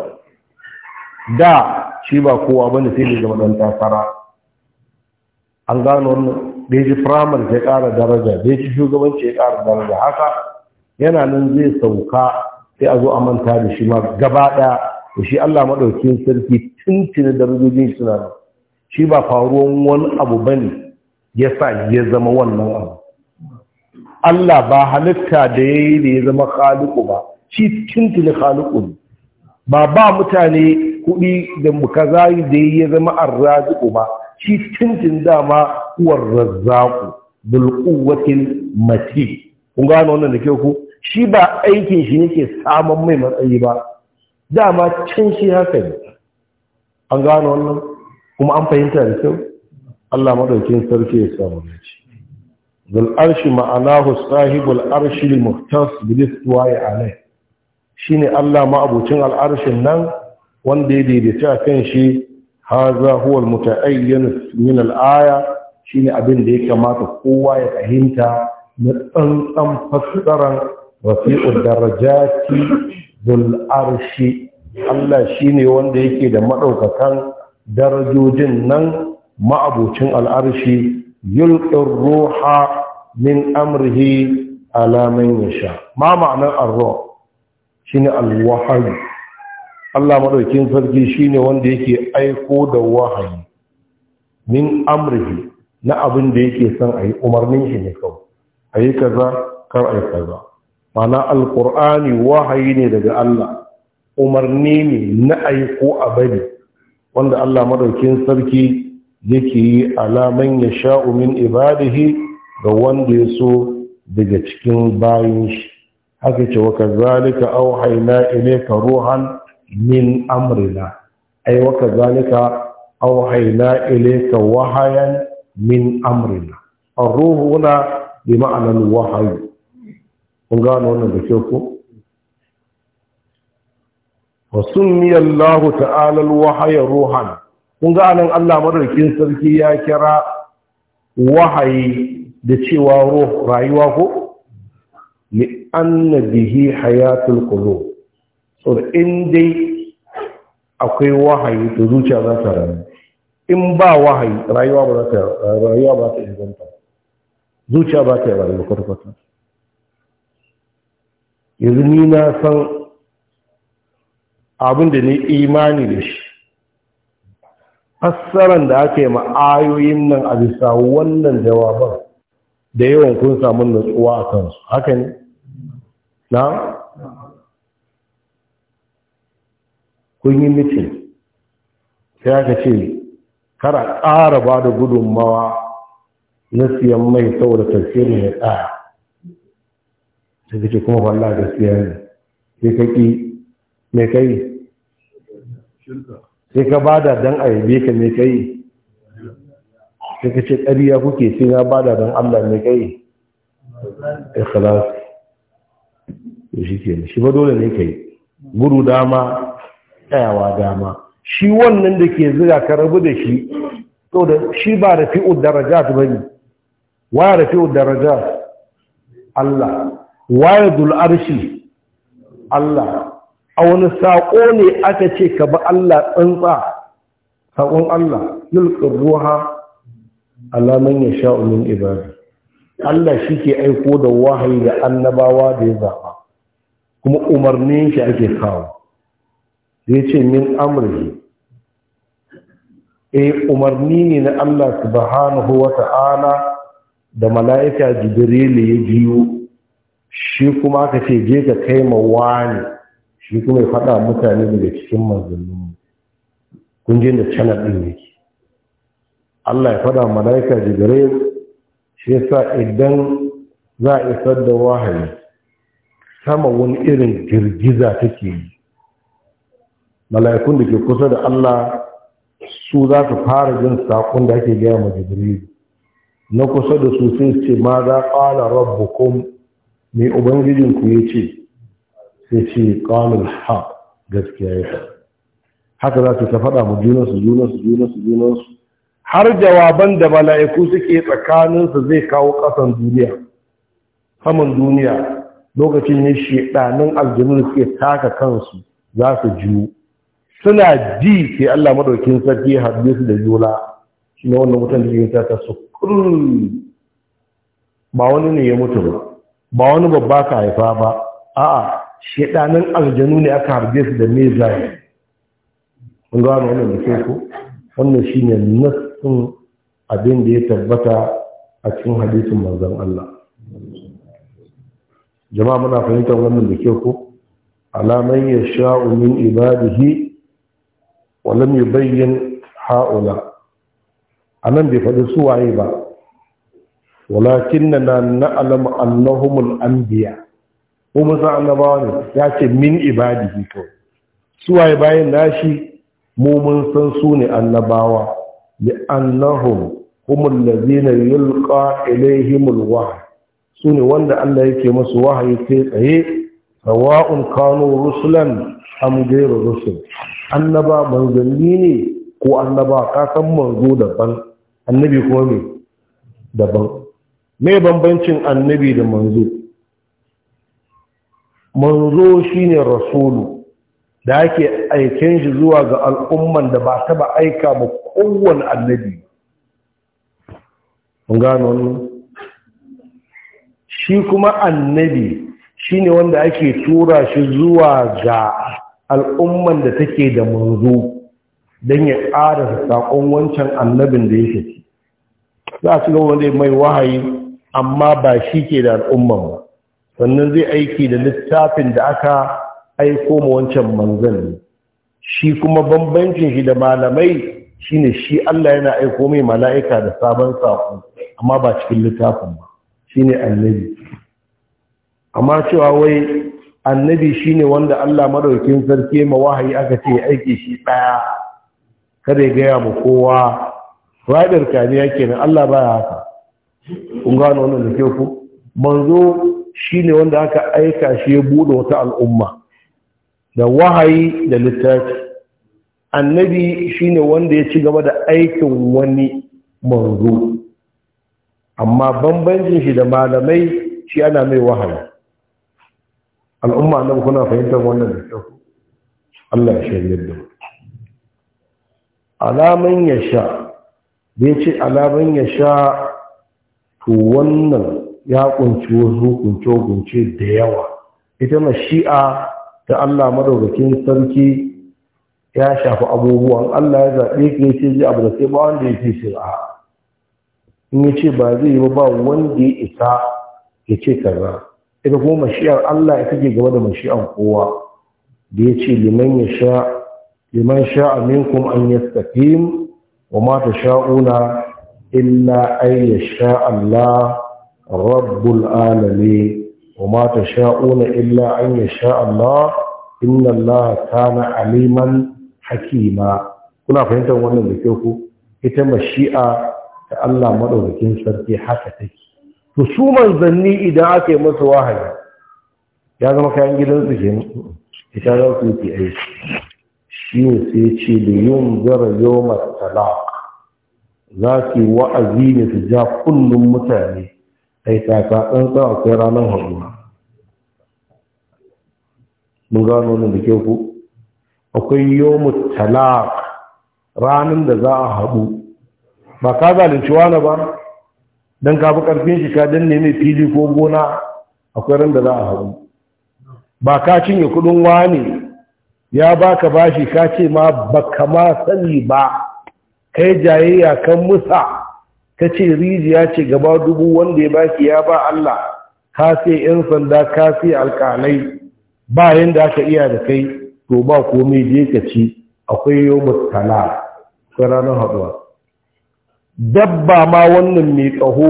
da shi ba kowa bane sai da zama dan tasara an gano wannan da ya ji firamar ya ƙara daraja da ya ci shugabanci ya ƙara daraja haka yana nan zai sauka sai a zo a manta da shi ma gaba ɗaya da shi Allah maɗaukin sarki da darajojin suna shi ba faruwan wani abu bane ya sa ya zama wannan abu Allah ba halitta da ya yi da ya zama khaliku ba shi tuntuni khaliku ne ba ba mutane kuɗi da zai da ya yi zama arraziku ba shi tuntun dama uwar razzaku bulkuwatin mati kun gano wannan da ke ku shi ba aikin shi nake samun mai matsayi ba dama can shi haka ne an gano wannan kuma an fahimta da kyau Allah madaukin sarki ya samu ne zul arshi ma'anahu sahibul arshi muhtas bil istiwa'i alayh shine Allah ma'abucin al'arshin nan wanda ya daidaita kan shi haza huwa muta'ayyan min al'aya shine abin da ya kamata kowa ya fahimta na tsantsan fassaran rafi'ud darajati zul arshi Allah shine wanda yake da madaukakan darajojin nan ma'abucin al'arshi yulƙi ruha min amrihi ala ya sha. ma ma'anar arro shi ne al Allah maɗaukin sarki shi ne wanda yake aiko da wahayi min amrihi na abin da yake son a yi umarnin shi ne kawo. A yi kaza kar a yi kaza mana alƙur'ani wahayi ne daga Allah umarni ne na aiko a bari wanda Allah maɗaukin sarki yake yi alaman ya sha'u min ibadihi ga wanda ya so daga cikin bayan shi haka ce waka zalika ile ka ruhan min amrina ai waka zalika ile ka wahayan min amrina a ruhu bi ma'anan wahayi kun gano wannan da ke ku? Wasu miyan Allah ta'ala wahaya ruhan kun ga anan Allah madaukin sarki ya kira wahayi da cewa ruh rayuwa ko li anna bihi hayatul qulub so in dai akwai wahayi to zuciya za ta rayu in ba wahayi rayuwa ba za ta rayuwa ba ta inganta zuciya ba ta rayuwa kwata-kwata yanzu ni na san abin da ni imani da shi fassaran da aka yi ma'ayoyin nan a bisa wannan jawabar da yawan kun samu nutsuwa a kansu haka ne na kun yi mitin sai aka ce kara ƙara ba da gudunmawa na siyan mai saboda tafsirin ya tsaya sai kake kuma falla da siyan ne sai mai kai sai ka bada don a yabe ka mai kai sai ka ce ƙariya kuke sai na bada don Allah mai kai da shi ke shi ba dole ne kai gudu dama ƙayawa dama shi wannan da ke ziga ka rabu da shi to da shi ba rafi'ud darajat bane wa rafi'ud Allah wa yadul arshi Allah a wani saƙo ne aka ce ka ba Allah tsantsa saƙon Allah yulƙin ruwa, alamun ya sha umin ibadu Allah shi ke aiko da wahayi da annabawa da ya zaɓa kuma umarnin shi ake kawo zai ce min amurki e eh, umarni ne na Allah subhanahu wa ta'ala da mala'ika jibrilu ya biyu shi kuma aka ce je ka kai ma wani shi kuma ya faɗa mutane daga cikin manzannin kun je da canar ɗin yake Allah ya faɗa malaika jibril shi yasa idan za a isar da wahayi sama wani irin girgiza take yi mala'ikun da ke kusa da Allah su za su fara jin sakon da ake gaya ma jibril na kusa da su sai ce ma za ƙala rabbukum mai ubangijinku ya ce sai ce qalul haq gaskiya ya haka za su ta faɗa mu juna su juna su juna su juna su har jawaban da mala'iku suke tsakaninsu zai kawo ƙasan duniya saman duniya lokacin ne shedanin da suke taka kansu za su juyu suna ji ke Allah maɗaukin sarki ya haɗe su da Yola. shi ne wannan mutum da yi ta ta ba wani ne ya mutu ba ba wani babba ka haifa ba a'a shedanin aljanu ne aka harbe su da mezai kun gano wannan da ke ku wannan shi ne nassin abin da ya tabbata a cikin hadisin manzon Allah jama'a muna fahimtar wannan da ke ku alaman yasha'u min ibadihi wa lam yubayyin ha'ula anan bai faɗi suwaye ba walakin na na'lamu annahumul anbiya' ko musa annabawa ne ya ce min ibadihi kawai suwaye bayan nashi mu mun san su ne annabawa li annahum humul ladina yulqa ilaihimul wahy su wanda Allah yake musu wahayi sai tsaye sawa'un kanu rusulan am ghayru rusul annaba manzanni ne ko annaba ka san manzo daban annabi kuma me daban me bambancin annabi da manzo manzo shine rasulu da ake aiken shi zuwa ga al'umman da ba taba aika ba kowane annabi mun gano ne shi kuma annabi shine wanda ake tura shi zuwa ga al'umman da take da manzo don ya ƙara saƙon wancan annabin da ya ci za a ci gaba wanda mai wahayi amma ba shi ke da al'umman ba sannan zai aiki da littafin da aka aiko ma wancan manzan shi kuma bambancin shi da malamai shine shi Allah yana aiko mai mala'ika da sabon saƙo amma ba cikin littafin ba shine annabi amma cewa wai annabi shine wanda Allah madaukakin sarki ma wahayi aka ce aiki shi ɗaya kada ya gaya ma kowa fadar kaniya kenan Allah baya haka kun gano wannan da ke ku manzo shine wanda aka aika shi ya bude wata al'umma da wahayi da littafi annabi shine wanda ya ci gaba da aikin wani manzo amma bambancin shi da malamai shi ana mai wahayi al'umma annabi kuna fahimtar wannan da kyau Allah ya shirye da mu alaman ya sha ya ce alaman ya sha to wannan ya kunci wasu kunce-kunce da yawa ita mashi'a ta Allah madaukakin sarki ya shafi abubuwan Allah ya zaɓe ka ya ce zai abu da sai ba wanda ya ce shir'a in ya ce ba zai yi ba ba wanda ya isa ya ce kaza ita kuma mashi'ar Allah ita ke gaba da mashi'ar kowa da ya ce liman ya sha liman sha aminkum an yastaqim wa ma tasha'una illa ay yasha Allah rabbul alami wa ma tasha'una illa an yasha Allah inna Allah kana aliman hakima kuna fahimtar wannan da kyau ku ita mashi'a ta Allah madaukakin sarki haka take to su manzanni idan aka yi masa wahayi ya zama kayan gidansu ke ita za su yi aiki shi ne sai ce yin zara yau matala za wa'azi ne su ja kullum mutane ai ɗan tsantsan akwai ranar haɗuwa mun gano wannan da ke ku akwai yomu talaq ranar da za a haɗu ba ka zalunci wani ba don ka fi ƙarfin shi ka danne mai fili ko gona akwai ran da za a haɗu ba ka cinye kuɗin wani ya baka bashi ka ce ma ba ma sani ba kai jayayya kan musa ta ce rijiya ce gaba dubu wanda ya baki ya ba Allah ka sai yan sanda ka sai alƙalai ba yanda aka iya da kai to ba komai je ka ci akwai yau tala ranar haɗuwa dabba ma wannan mai ƙaho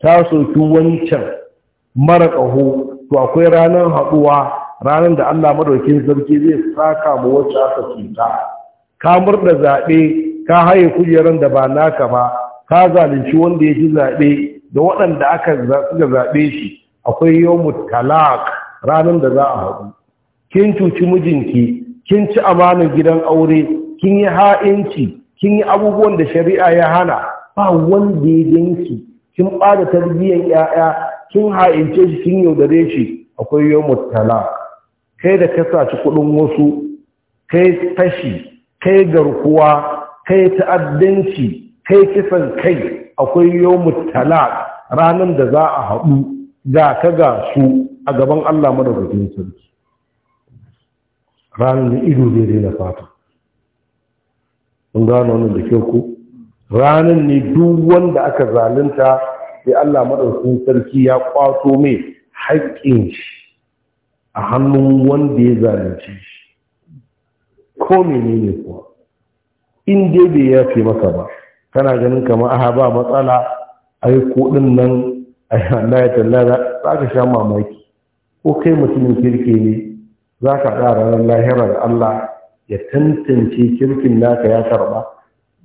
ta soki wancan mara ƙaho to akwai ranar haɗuwa ranar da Allah madaukin sarki zai saka mu wacce aka cuta ka murda zaɓe ka haye kujerar da ba naka ba ka zalunci wanda ya ji zaɓe da waɗanda aka suka zaɓe shi akwai yawmu talaq ranar da za a haɗu kin cuci mijinki kin ci amanar gidan aure kin yi ha'inci kin yi abubuwan da shari'a ya hana ba wanda ya ganki kin ɓada tarbiyyar 'ya'ya kin ha'ince shi kin yaudare shi akwai yawmu talaq kai da ka saci kuɗin wasu kai fashi kai garkuwa kai ta'addanci kai kisan kai akwai yau talaq ranan da za a haɗu ga ka ga su a gaban Allah madaukakin sarki ranar da ido zai daina fata sun gano wannan da kyau ko ranar ne duk wanda aka zalunta sai Allah madaukakin sarki ya kwato mai haƙƙin shi a hannun wanda ya zalunce shi ko menene kuwa in dai bai yafe maka ba kana ganin kamar aha ba matsala ai kudin nan a Allah tallara za ka sha mamaki ko kai mutumin kirki ne za ka ɗa ranar lahirar Allah ya tantance kirkin naka ya karɓa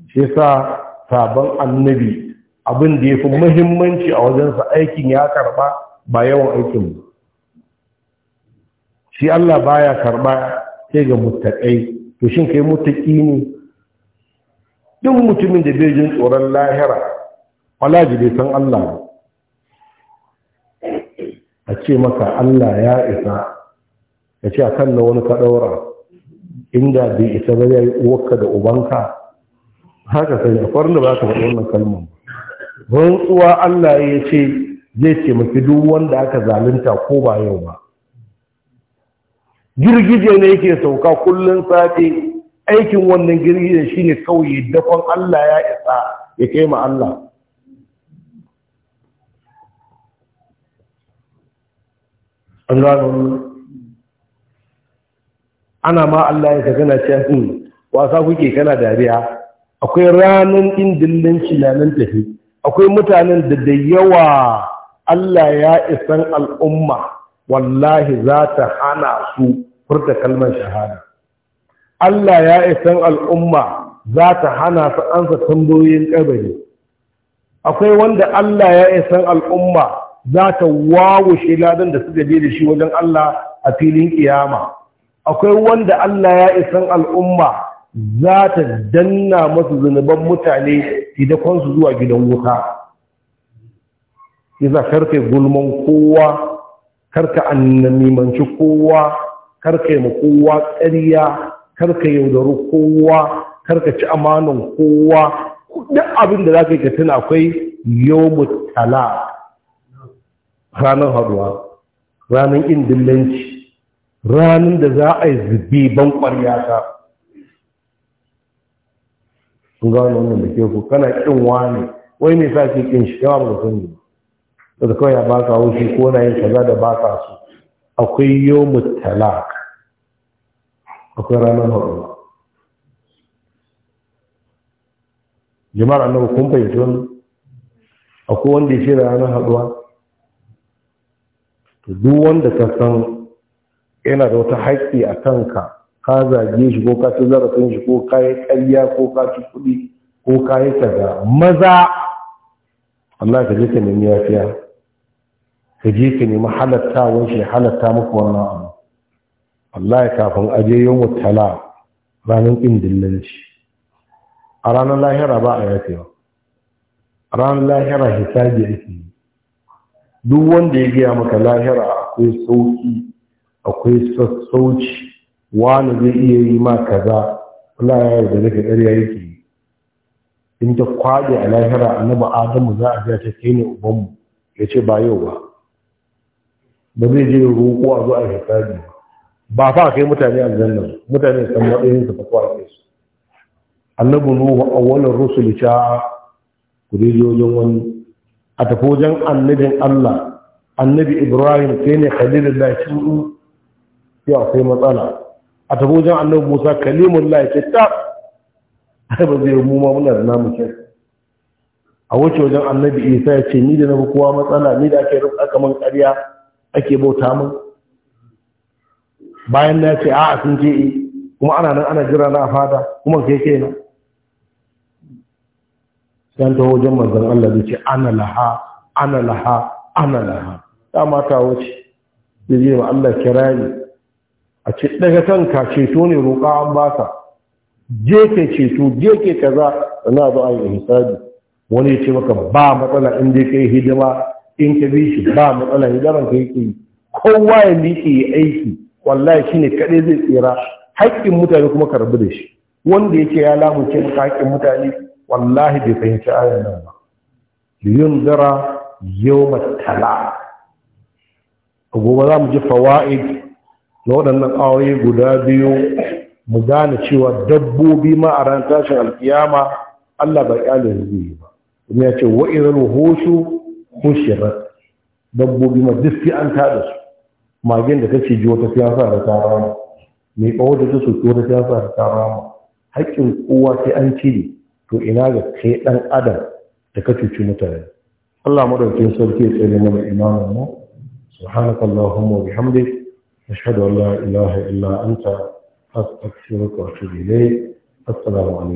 shi sa sabon annabi abin da ya fi muhimmanci a wajensa aikin ya karɓa ba yawan aikin ba shi Allah baya karɓa sai ga muttaƙai to shin kai muttaƙi ne duk mutumin da bai jin tsoron lahira wala ji san Allah a ce maka Allah ya isa ya ce a kan na wani kaɗaura inda bai isa ba ya yi uwarka da ubanka haka sai da farin da ba ka faɗi wannan kalmar rantsuwa Allah ya ce zai taimaki duk wanda aka zalunta ko ba yau ba girgije ne yake sauka kullum safe aikin wannan shi ne kawai dakon Allah ya isa ya kai ma Allah ana ma Allah ya kana cewa hmm, wasa kuke kana dariya akwai ranar indillin nan tafi akwai mutanen da da yawa Allah ya isan al'umma wallahi za ta hana su furta kalmar shahada Allah ya isan al'umma za ta hana su ansa tambayoyin ƙabari. akwai wanda Allah ya isan al'umma za ta wawushe ladan da suka bi da shi wajen Allah a filin kiyama akwai wanda Allah ya isan al'umma za ta danna masu zunuban mutane idakonsu zuwa gidan wuta iza karfe gulman kowa karka annamimanci kowa karka yi kowa ƙarya Kar karka yaudaru kowa karka ci amanan kowa duk abin da za ka yi ka tuna akwai yau tala ranar haduwa ranar indillanci ranar da za a yi zubi ban ƙwarya ta sun gano wannan da ke ku kana kin wani wai ne sa ke kin shi yawa ba sun yi da kawai ya baka wuce ko na yin kaza da baka su akwai yau akwai ranar haɗuwa jama'ar annabi kun fahimci wani akwai wanda ya ce ranar haɗuwa to duk wanda ka san yana da wata haƙƙi a kanka ka zage shi ko ka ci zarafin shi ko ka yi ƙarya ko ka ci kuɗi ko ka yi kaza maza Allah ka je ka nemi yafiya ka je ka nemi wani shi halatta muku wannan abu ya kafin aje yawon tala ranar ƙin dillanci a ranar lahira ba a yafewa a ranar lahira hisabi ake yi duk wanda ya gaya maka lahira akwai sauki akwai sassauci wani zai iya yi ma kaza yi da daga ƙarya yake yi in ta kwaɗe a lahira annabi adamu za a ja ta kai ubanmu ya ce ba yau ba ba zai je roƙo a zo a hisabi ba ba fa kai mutane aljanna mutane san matsayin su fakwa ake su annabi nuhu awwalur rusul cha ku dai wani a tafojan wajen annabin Allah annabi Ibrahim sai ne khalilullah shi mm, sai matsala a tafojan wajen annabi Musa kalimullah ke ta ai ba zai mu ma muna da namu ke a wuce wajen annabi Isa ya ce ni da na kowa matsala ni da ake rubuta kaman ƙarya ake bauta mun bayan na ce a'a sun je eh. kuma ana nan ana jira na fada kuma ke ke na sai ta wajen manzon Allah da ce ana laha ana laha ana laha ta mata wuce zai wa Allah kira ne a ce daga kanka ceto ne roƙa an ka je ke ceto je ke kaza na zo a yi hisabi wani ya ce maka ba matsala in dai kai hidima in ka bi shi ba matsala hidaran ka yake kowa ya miƙe aiki wallahi shi ne kadai zai tsira haƙƙin mutane kuma karbi da shi wanda yake ya lamunce maka haƙƙin mutane wallahi bai fahimci ayan nan ba yau matala tala gobe za mu ji fawaid na waɗannan aure guda biyu mu gane cewa dabbobi ma a ran tashin alkiyama Allah bai kyale zai ba kuma ya ce wairar idan wuhushu hushirat dabbobi ma duk an tada su magen da kace jiwo wata siyasa da ta rama mai bawo da ta soki wata siyasa da ta rama haƙƙin kowa sai an cire to ina ga kai ɗan adam da ka cuci mutane Allah madaukakin sarki ya tsare mana imanin mu subhanaka allahumma wa bihamdik nashhadu an la ilaha illa anta astaghfiruka wa atubu ilayk